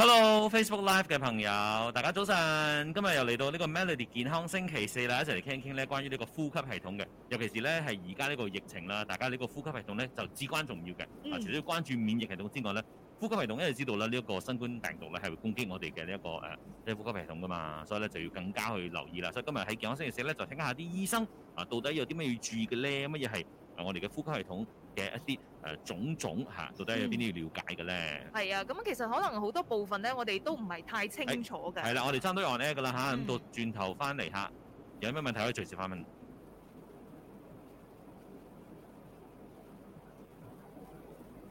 Hello Facebook Live 嘅朋友，大家早晨，今日又嚟到呢個 Melody 健康星期四啦，一齊嚟傾一傾咧，關於呢個呼吸系統嘅，尤其是咧係而家呢個疫情啦，大家呢個呼吸系統咧就至關重要嘅。啊，除咗關注免疫系統之外咧，呼吸系統因為知道啦呢一個新冠病毒咧係會攻擊我哋嘅呢一個誒呢、呃這個、呼吸系統噶嘛，所以咧就要更加去留意啦。所以今日喺健康星期四咧就聽下啲醫生啊到底有啲咩要注意嘅咧，乜嘢係？啊、我哋嘅呼吸系統嘅一啲誒、呃、種種嚇、啊，到底有邊啲要了解嘅咧？係、嗯、啊，咁、嗯、其實可能好多部分咧，我哋都唔係太清楚嘅。係啦，我哋爭多有 air 噶啦嚇，咁到轉頭翻嚟吓，有咩問題可以隨時發問。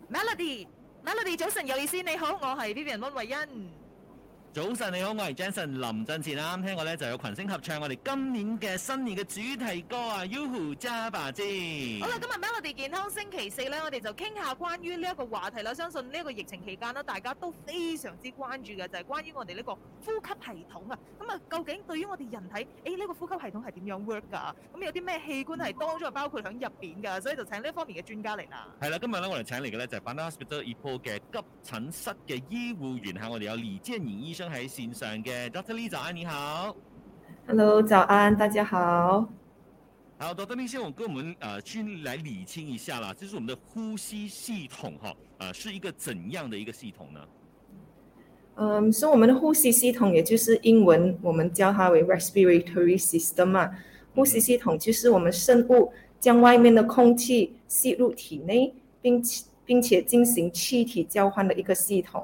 Melody，Melody Mel 早晨，有意思，你好，我係 Vivian 溫慧欣。早晨你好，我係 Jensen 林振賢啊！啱啱聽我咧就有群星合唱我哋今年嘅新年嘅主題歌啊，Yahoo Java 啫！好啦，今日俾我哋健康星期四咧，我哋就傾下關於呢一個話題啦。相信呢一個疫情期間啦，大家都非常之關注嘅就係、是、關於我哋呢個呼吸系統啊。咁、嗯、啊，究竟對於我哋人體，誒、哎、呢、這個呼吸系統係點樣 work 噶？咁、嗯、有啲咩器官係當中係包括喺入邊噶？所以就請呢方面嘅專家嚟啦。係啦，今日咧我哋請嚟嘅咧就係、是、Bandar Hospital Ipoh 嘅急診室嘅醫護人員，係我哋有李建賢醫生。喺線上嘅 Dr. Lee 早安，你好，Hello，早安，大家好。好，Dr. Lee 先，我跟我們誒，去嚟厘清一下啦，就是我們的呼吸系統，哈，啊，是一個怎樣的一個系統呢？嗯，所以我們的呼吸系統，也就是英文，我們叫它為 respiratory system 嘛，啊。呼吸系統就是我們生物將外面的空氣吸入體內，並且並且進行氣體交換的一個系統。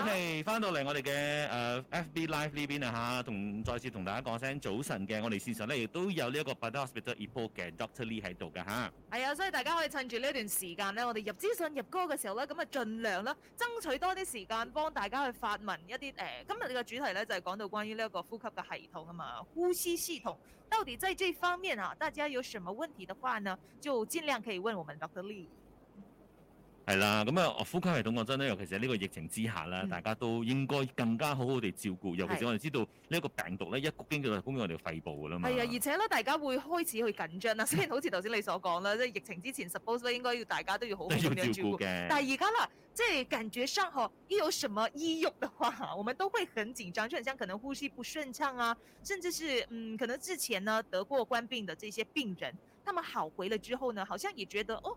Okay, 回我翻到嚟我哋嘅誒 FB Live 呢邊啊嚇，同再次同大家講聲早晨嘅，我哋線上咧，亦都有呢一個 British Hospital Reporter Doctor Lee 喺度嘅嚇。係啊，所以大家可以趁住呢段時間咧，我哋入資訊入歌嘅時候咧，咁啊盡量啦，爭取多啲時間幫大家去發問一啲誒、呃、今日嘅主題咧就係講到關於呢一個呼吸嘅系統啊嘛，呼吸系統到底在這方面啊，大家有什麼問題的話呢，就儘量可以問我們 Doctor Lee。係啦，咁、嗯、啊，呼吸系統講真咧，尤其是呢個疫情之下咧，嗯、大家都應該更加好好地照顧。嗯、尤其是我哋知道呢一個病毒咧，一攻擊就攻擊我哋肺部㗎啦嘛。係啊，而且咧，大家會開始去緊張啦。所以好似頭先你所講啦，即係 疫情之前，suppose 咧應，應該要大家都要好好咁樣照顧嘅顧，但係而家啦，即係感覺上嗬，一有什麼異樣嘅話，我們都會很緊張，就很像可能呼吸不順暢啊，甚至是嗯，可能之前呢得過冠病的這些病人，他們好回了之後呢，好像也覺得哦。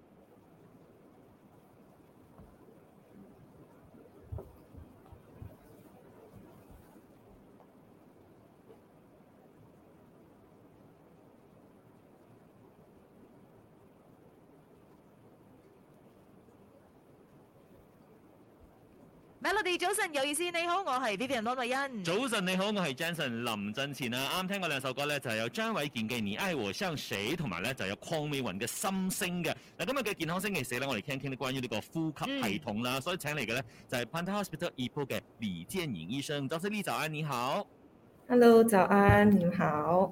我哋早晨有意思，你好，我係呢啲人羅麗欣。早晨你好，我係 Jensen。臨陣前啊，啱聽過兩首歌咧，就係、是、有張衛健嘅《你愛我像誰》，同埋咧就是、有鄺美雲嘅《心聲》嘅。嗱，今日嘅健康星期四咧，我哋傾一傾啲關於呢個呼吸系統啦。嗯、所以請嚟嘅咧就係、是、Pantai、ah、Hospital Ipoh 嘅李建穎醫生。早晨，李早安，你好。Hello，早安，你好。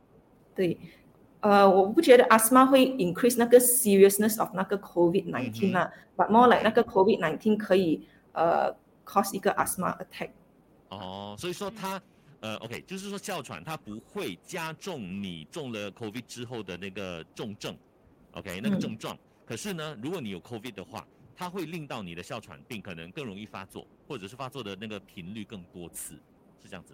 對，呃，我不覺得 asthma 會 increase 那個 seriousness of 那個 COVID-19 啦，butmore like 那個 COVID-19 可以，呃，cause 一個 asthma attack。哦，所以說它，呃，OK，就是說哮喘它不會加重你中了 covid 之後的那個重症，OK，那個症狀。可是呢，如果你有 covid 的話，它會令到你的哮喘病可能更容易發作，或者是發作的那個頻率更多次，是這樣子。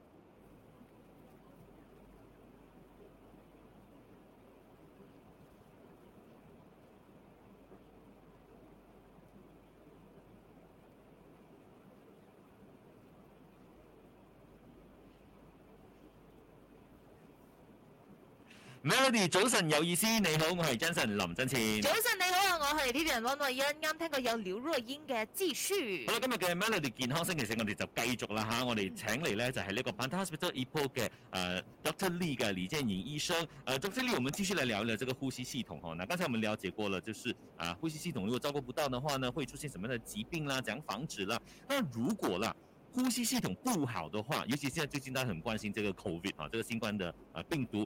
Melody，早晨有意思，你好，我係 Jason 林振前。早晨你好啊，我係呢邊人溫諾欣，啱聽過有廖若煙嘅知書。好啦，今日嘅 Melody 健康星期四，我哋就繼續啦吓，嗯、我哋請嚟咧就係、是、呢個 Fantastic Epoch 嘅、呃、誒 Dr. Lee 嘅李正賢醫生。誒、呃，總之呢我哋繼續嚟了聊下聊個呼吸系統哦。那、呃、剛才我們了解過了，就是啊、呃、呼吸系統如果照顧不到嘅話呢，會出現什麼樣嘅疾病啦、啊？怎樣防止啦、啊？但如果啦，呼吸系統不好的話，尤其現在最近大家很關心這個 COVID 啊，這個新冠的啊病毒。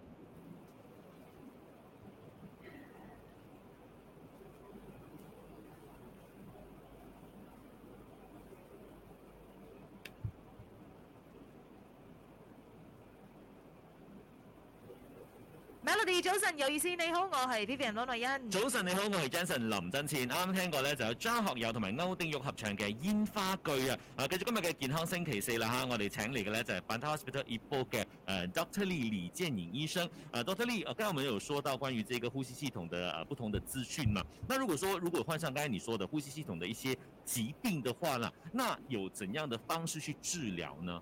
Melody，早晨，有意思，你好，我係 Vivian 羅麗欣。早晨，你好，我係 Jason 林振倩。啱啱聽過咧，就有張學友同埋歐丁玉合唱嘅《煙花句》啊！啊，繼續今日嘅健康星期四啦吓，啊，我哋請嚟嘅咧就係 Pantai Hospital Ipoh 嘅誒，啊、Dr. 李李建穎醫生。誒，啊，Dr. 李，啊，今日我們有說到關於這個呼吸系統的誒，啊、不同的資訊嘛？那如果說如果患上剛才你說的呼吸系統的一些疾病的話呢，那有怎樣的方式去治療呢？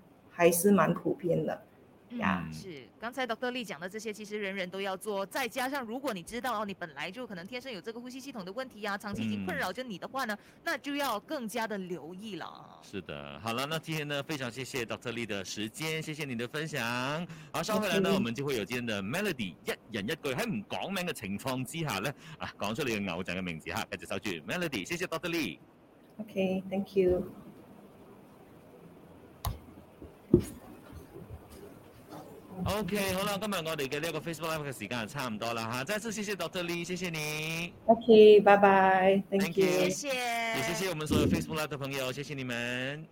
還是蠻普遍的，呀、嗯，嗯、是。剛才 doctor 李講的這些，其實人人都要做。再加上如果你知道哦，你本來就可能天生有這個呼吸系統的問題呀、啊，長期已經困擾着你的話呢，嗯、那就要更加的留意了。是的，好了，那今天呢，非常謝謝 doctor 李的時間，謝謝你的分享。好，收翻嚟呢，Okay. 我們就會有今天的 Melody 一人一句喺唔講名的情況之下呢，啊，講出你嘅偶像嘅名字哈，繼、啊、續守住 Melody，謝謝 doctor 李。o、okay, k thank you. OK，好啦，今日我哋嘅呢一個 Facebook Live 嘅時間就差唔多啦吓，再次謝謝 Dr Lee，謝謝你。OK，拜拜，Thank you，謝謝，也謝謝我們所有 Facebook Live 嘅朋友，謝謝你們。